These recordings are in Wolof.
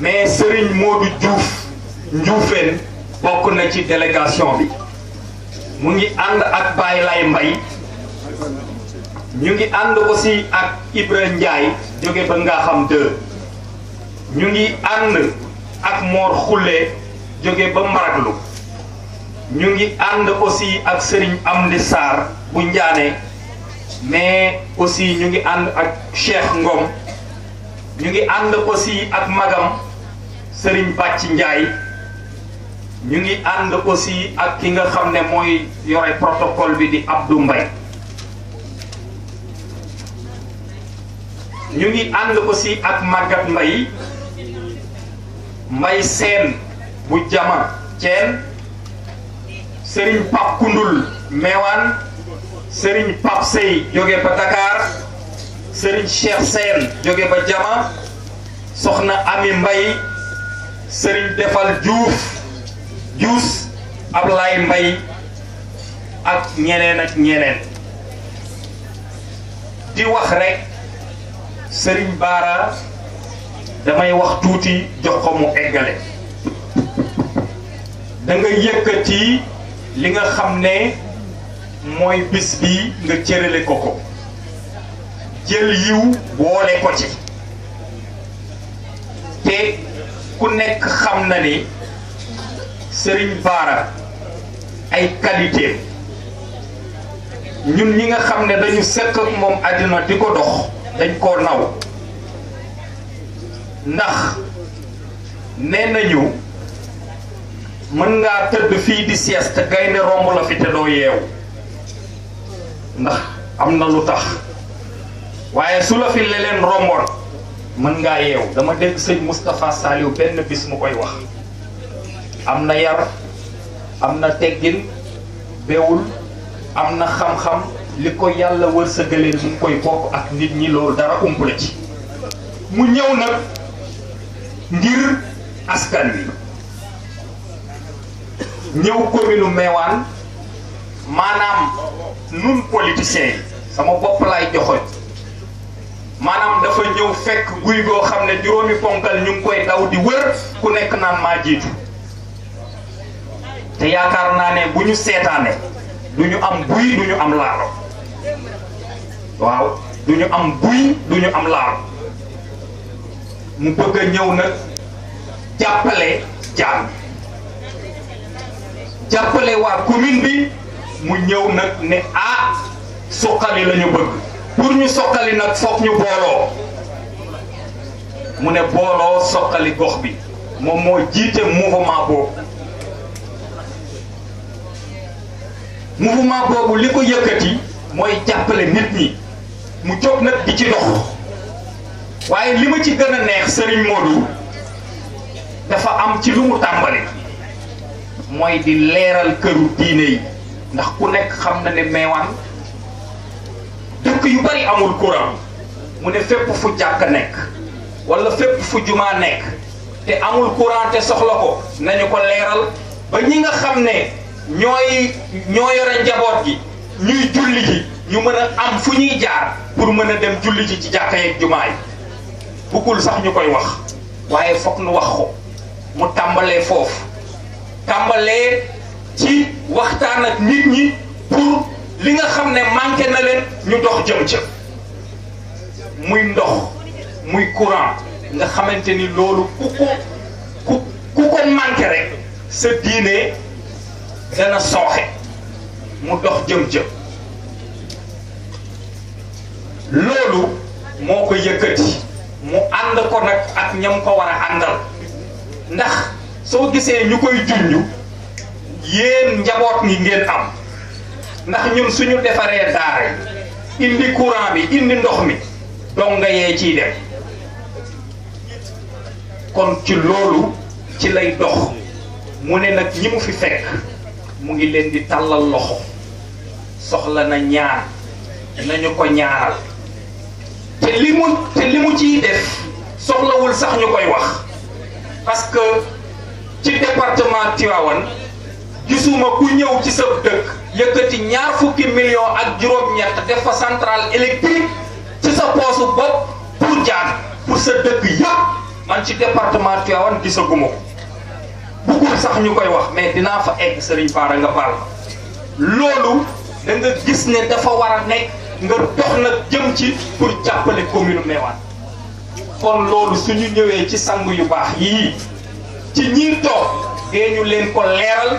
mais Serigne Modou Diouf Ndioufène bokk na ci délégation bi mu ngi ànd ak Baye Lay Mbay ñu ngi ànd aussi ak Ibra Ndiaye jóge ba nga xam deux ñu ngi ànd ak Mor Xulle jóge ba Maraglu ñu ngi ànd aussi ak Serigne Amdi Sarr bu njaanee mais aussi ñu ngi ànd ak Cheikh Ngom ñu ngi ànd aussi ak magam Serigne Bàcc Njaay ñu ngi ànd aussi ak ki nga xam ne mooy yore protocole bi di Abdou Mbaye ñu ngi ànd aussi ak Maguette mbay Mbaye Seen bu jama Ceen Serigne Pap Kundul Meewaan Serigne Pap Sey jóge ba Dakar Serigne Cheikh Seen jóge ba jama soxna Ami Mbay sëriñ defal Juuf Juus Ablaay Mbay ak ñeneen ak ñeneen di wax rek sëriñ Baara damay wax tuuti jox ko mu eggale danga nga yëkkati li nga xam ne mooy bis bi nga cërale ko ko jël yiw boole ko ci te ku nekk xam na ni sëriñ Bara ay qualité ñun ñi nga xam ne dañu sekk moom àddina di ko dox dañ koo naw ndax nee nañu mën ngaa tëdd fii di te gaynde romb la fi te doo yeewu ndax am na lu tax waaye su la fi leleen romboon mën ngaa yeew dama dégg sëñ Moustapha Saliou benn bis mu koy wax am na yar am na teggin bewul am na xam-xam li ko yàlla wërsëgaleen mu koy bokk ak nit ñi loolu dara umpule ci mu ñëw nag ngir askan wi ñëw commune u Meewaan maanaam nun politiciens sama bopp laay joxoñ maanaam dafa ñëw fekk guy goo xam ne juróomi ponkal ñu ngi koy daw di wër ku nekk naan maa jiitu te yaakaar naa ne bu ñu seetaane du ñu am buy du ñu am laaro waaw du ñu am buy du ñu am mu bëgg a ñëw nag jàppale jaam jàppale waa commune bi mu ñëw nag ne ah suqali la ñu bëgg pour ñu soqali nag foog ñu booloo mu ne booloo soqali gox bi moom moo jiite mouvement boobu mouvement boobu li ko yëkkati mooy jàppale nit ñi mu jóg nag di ci dox waaye li ma ci gën a neex Serigne Modou dafa am ci lu mu tàmbali mooy di leeral këru diine yi ndax ku nekk xam na ne meewaan dëkk yu bari amul courant mu ne fépp fu jàkk nekk walla fépp fu jumaa nekk te amul courant te soxla ko nañu ko leeral ba ñi nga xam ne ñooy ñoo yore njaboot gi ñuy julli ji ñu mën a am fu ñuy jaar pour mën a dem julli ji ci jàkka yeeg jumaa yi buggul sax ñu koy wax waaye foog nu wax ko mu tàmbalee foofu tàmbalee ci waxtaan ak nit ñi pour. li nga xam ne manqué na leen ñu dox jëm ca muy ndox muy courant nga xamante ni loolu ku ko ku ku ko manqué rek sa diine dana sooxe mu dox jëm jëm loolu moo ko yëkkati mu ànd ko nag ak ñam ko war a àndal ndax soo gisee ñu koy junj yéen njaboot ñi ngeen am ndax ñun suñu defaree daara yi indi courant bi indi ndox mi donga yee ciy dem kon ci loolu ci lay dox mu ne nag ñi mu fi fekk mu ngi leen di tàllal loxo soxla na ñaan nañu ko ñaaral te li mu te li mu ciy def soxlawul sax ñu koy wax parce que ci département Tivaouane gisuma ku ñëw ci sa dëkk yëkkati ñaar fukki million ak juróom-ñett def fa centrale électrique ci sa poosu bopp pour jaar pour sa dëkk yëpp man ci département Tivaouane gisaguma ko buggul sax ñu koy wax mais dinaa fa egg Serigne Bara nga baal loolu da nga gis ne dafa war a nekk nga dox nag jëm ci pour jàppale commune Meouane kon loolu suñu ñëwee ci sang yu baax yii ci ñiir toog dee ñu leen ko leeral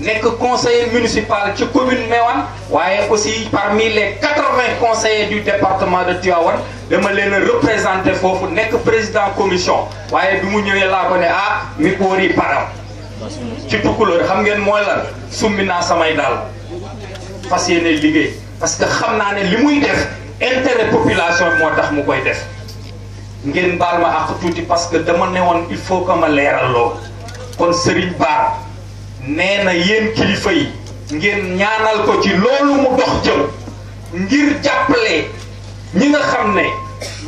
nekk conseiller municipal ci commune Mewane waaye aussi parmi les quatre-vingts conseillers du département de Tivaouane dama leen a foofu nekk président commission waaye du mu ñëwee laa ko ne ah mi boori param ci tukkulóor xam ngeen mooy lan summi naa samay daal fas yéene liggéey parce que xam naa ne li muy def intérêt population moo tax mu koy def ngeen baal ma àq tuuti parce que dama ne woon il faut que ma leeral lool kon Serigne nee na yéen kilifa yi ngeen ñaanal ko ci loolu mu dox jëm ngir jàppale ñi nga xam ne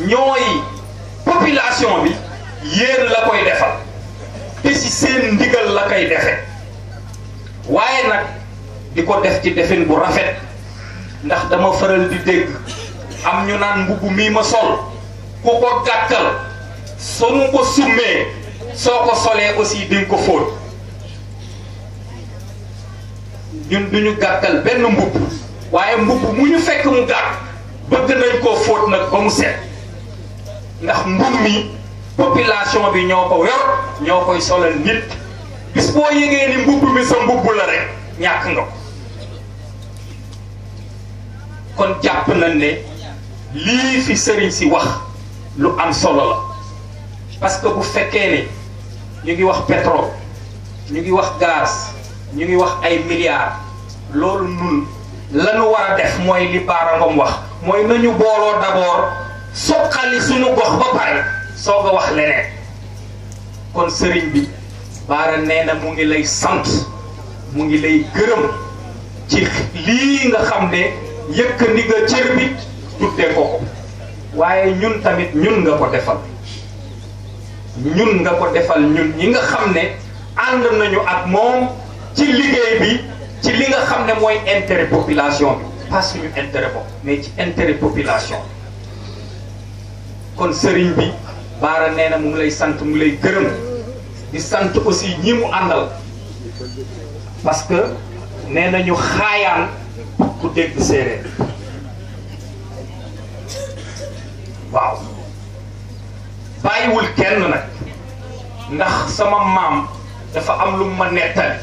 ñooy population bi yéen la koy defal te ci seen ndigal la koy defe waaye nag di ko def ci defin bu rafet ndax dama faral di dégg am ñu naan mbubb mii ma sol ku ko gàttal soo ko summee soo ko solee aussi di nga ko fóot ñun du ñu gàttal benn mbubb waaye mbubb mu ñu fekk mu gàtt bëgg nañ koo fóot nag ba mu set ndax mbubb mi population bi ñoo ko yor ñoo koy solal nit bis boo yëgee ni mbubb mi sa mbubb la rek ñàkk nga ko kon jàpp nañ ne lii fi sëriñ si wax lu am solo la parce que bu fekkee ne ñu ngi wax pétrole ñu ngi wax gaz ñu ngi wax ay milliards loolu nun la ñu war a def mooy li Baara Ngom wax mooy nañu booloo d'abord soqali suñu gox ba pare soog a wax leneen kon sëriñ bi Baara nee na mu ngi lay sant mu ngi lay gërëm ci lii nga xam ne yëkk ndi nga cër bi tuddee ko ko waaye ñun tamit ñun nga ko defal ñun nga ko defal ñun ñi nga xam ne ànd nañu ak moom ci liggéey bi ci li nga xam ne mooy intere population bi pas suñu intérêt bopp mais ci intérêt population kon sëriñ bi baara nee na mu ngi lay sant mu lay gërëm di sant aussi ñi mu àndal parce que nee nañu xaayaan ku dégg séeréer waaw bàyyiwul kenn nag ndax sama maam dafa am lu ma nettali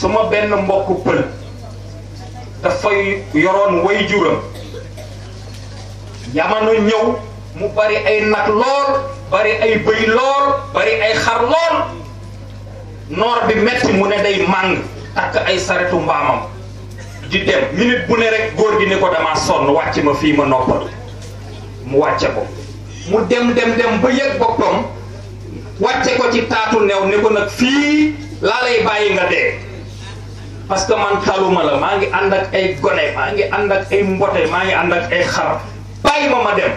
suma benn mbokk pël dafay yoroon way juram yamanu ñëw mu bari ay nag lool bari ay bëy lool bari ay xar lool noor bi metti mu ne day màng takk ay saretu mbaamam di dem minute bu ne rek góor gi ni ko dama sonn wàcc ma fii ma noppalu mu wàcce ko mu dem dem dem ba yëg boppam wàcce ko ci taatu new ni ko nag fii laa lay bàyyi nga dee parce que man taluma la maa ngi ànd ak ay gone maa ngi ànd ak ay mbote ngi ay xar ma dem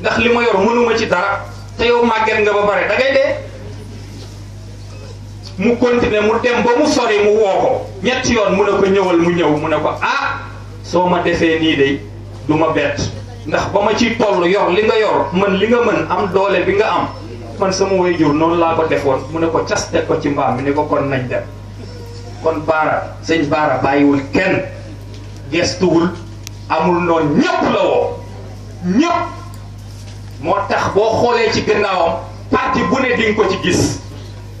ndax lima yor munuma ci dara te yow màgget nga ba bare da ngay mu continuer mu dem ba mu sori mu ko yoon mu ne ko ñewal mu ñew mu ne ko ah so ma défé ni dé duma bét ndax bama ci tollu yor li nga yor man li nga man am doole bi nga am man sama wayjur non la ko defoon mu ne ko caste ko ci mbam ni ko kon nañ dem kon baara sëñ baara bàyyiwul kenn gestuwul amul noonu ñëpp la woo ñëpp moo tax boo xoolee ci gannaawam parti bu ne dinga ko ci gis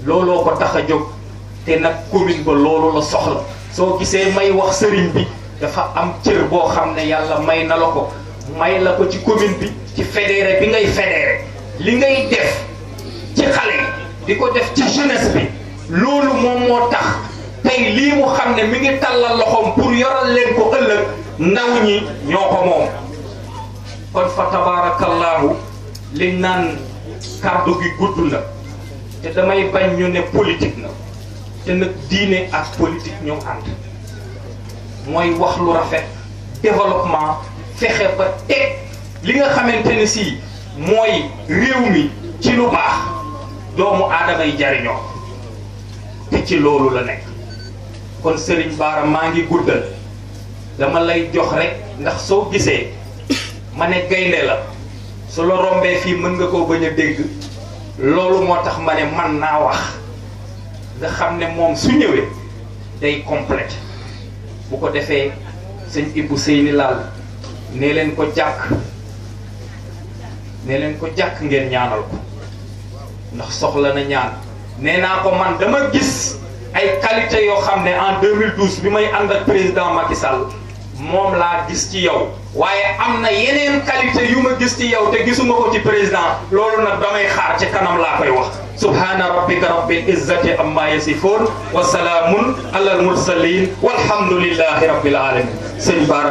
looloo ko tax a jóg te nag commune ba loolu la soxla soo gisee may wax sëriñ bi dafa am cër boo xam ne yàlla may na la ko may la ko ci commune bi ci fédéré bi ngay fédéré li ngay def ci xale yi ko def ci jeunesse bi loolu moom moo tax tey lii mu xam ne mi ngi tàllal loxoom pour yoral leen ko ëllëg ndaw ñi ñoo ko moom kon fa tabaarakallaahu liñ naan kàddu bi gudd la te damay bañ ñu ne politique na te nag diine ak politique ñoo ànd mooy wax lu rafet développement fexe ba teg li nga xamante ne si mooy réew mi ci lu baax doomu aadama yi jariñoo te ci loolu la nekk kon Serigne Bara maa ngi guddal dama lay jox rek ndax soo gisee ma ne gaynde la su la rombee fii mën nga koo bañ a dégg loolu moo tax ma ne man naa wax nga xam ne moom su ñëwee day complète bu ko defee sëñ Ibou Seyni Laal nee leen ko jàkk nee leen ko jàkk ngeen ñaanal ko ndax soxla na ñaan nee naa ko man dama gis ay qualité yo xamné en 2012 bi may ànd ak président Macky Sall mom la gis ci yow waye amna na yeneen qualité yu ma gis ci yow te gisuma ko ci président lolu nak damay xaar ci kanam la koy wax subhana rabbika rabbil izzati amma yasifun wa salaamun alal mursalin walhamdulillahi rabbil alamin sëñ Baara